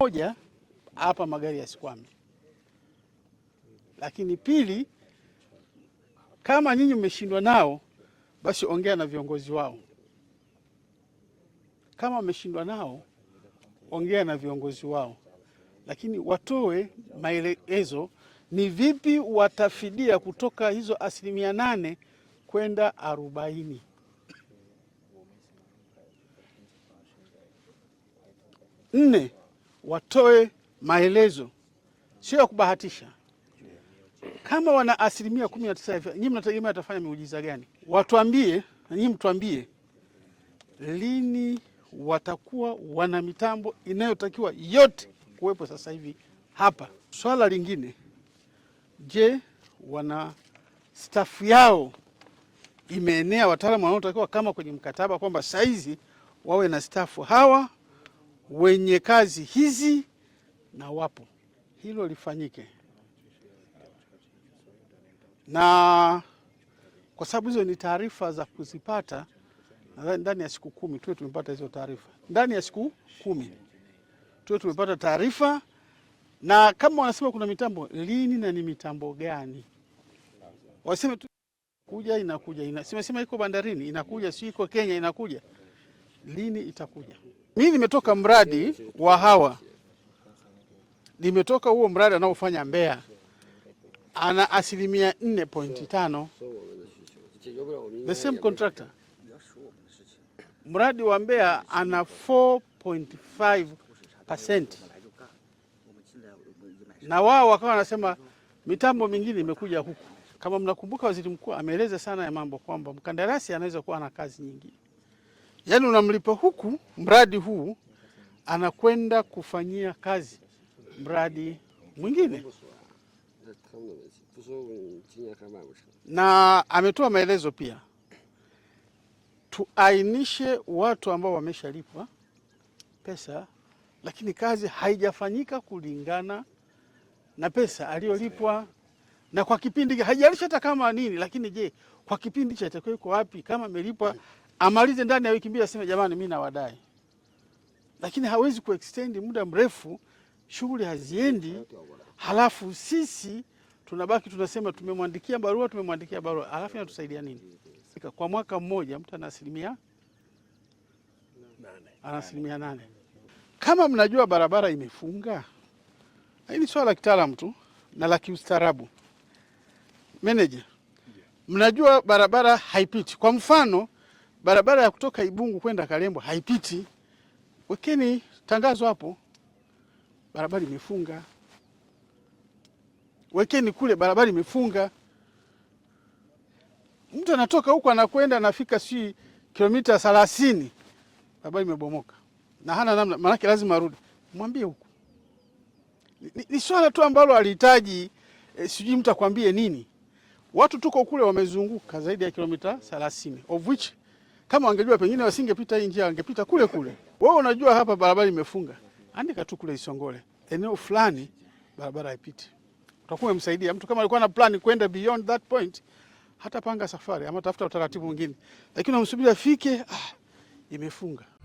Moja, hapa magari yasikwame, lakini pili, kama nyinyi mmeshindwa nao, basi ongea na viongozi wao. Kama wameshindwa nao, ongea na viongozi wao, lakini watoe maelekezo ni vipi watafidia kutoka hizo asilimia nane kwenda arobaini. Nne, watoe maelezo, sio ya kubahatisha. Kama wana asilimia kumi na tisa, nyinyi mnategemea atafanya miujiza gani? Watuambie na nyinyi mtuambie lini watakuwa wana mitambo inayotakiwa yote kuwepo sasa hivi hapa. Swala lingine, je, wana stafu yao imeenea wataalamu wanaotakiwa kama kwenye mkataba kwamba saizi wawe na stafu hawa wenye kazi hizi na wapo, hilo lifanyike, na kwa sababu hizo ni taarifa za kuzipata, ndani ya siku kumi tuwe tumepata hizo taarifa, ndani ya siku kumi tuwe tumepata taarifa. Na kama wanasema kuna mitambo, lini na ni mitambo gani? Waseme tu kuja inakuja, inasemesema iko bandarini inakuja, si iko Kenya inakuja, lini itakuja? mimi nimetoka mradi wa hawa, nimetoka huo mradi anaofanya Mbeya, ana asilimia 4.5 the same contractor. Mradi wa Mbeya ana 4.5%, na wao wakawa wanasema mitambo mingine imekuja huku. Kama mnakumbuka, waziri mkuu ameeleza sana ya mambo kwamba mkandarasi anaweza kuwa na kazi nyingine yaani unamlipa huku mradi huu, anakwenda kufanyia kazi mradi mwingine, na ametoa maelezo pia tuainishe watu ambao wameshalipwa pesa lakini kazi haijafanyika kulingana na pesa aliyolipwa na kwa kipindi haijalishi hata kama nini, lakini je, kwa kipindi cha itakuwa iko wapi? Kama amelipwa amalize ndani ya wiki mbili, aseme jamani, mimi nawadai. Lakini hawezi kuextend muda mrefu, shughuli haziendi, halafu sisi tunabaki tunasema tumemwandikia barua, tumemwandikia barua, halafu inatusaidia nini? Kwa mwaka mmoja mtu ana asilimia ana asilimia nane. Kama mnajua barabara imefunga, hili swala la kitaalamu tu na la kiustaarabu. Meneja, mnajua barabara haipiti, kwa mfano barabara ya kutoka Ibungu kwenda Kalembo haipiti. Wekeni tangazo hapo, barabara imefunga. Wekeni kule, barabara imefunga. Mtu anatoka huko anakwenda, anafika si kilomita thelathini, barabara imebomoka na hana namna, maanake lazima arudi. Mwambie huko ni, ni swala tu ambalo alihitaji e, eh, sijui mtu akwambie nini. Watu tuko kule wamezunguka zaidi ya kilomita thelathini of which kama wangejua pengine wasingepita hii njia, wangepita kule kule. Wewe unajua hapa barabara imefunga, andika tu kule Isongole, eneo fulani barabara haipiti, utakuwa umemsaidia mtu. Kama alikuwa na plan kwenda beyond that point, hata panga safari ama tafuta utaratibu mwingine, lakini unamsubiri afike, ah, imefunga.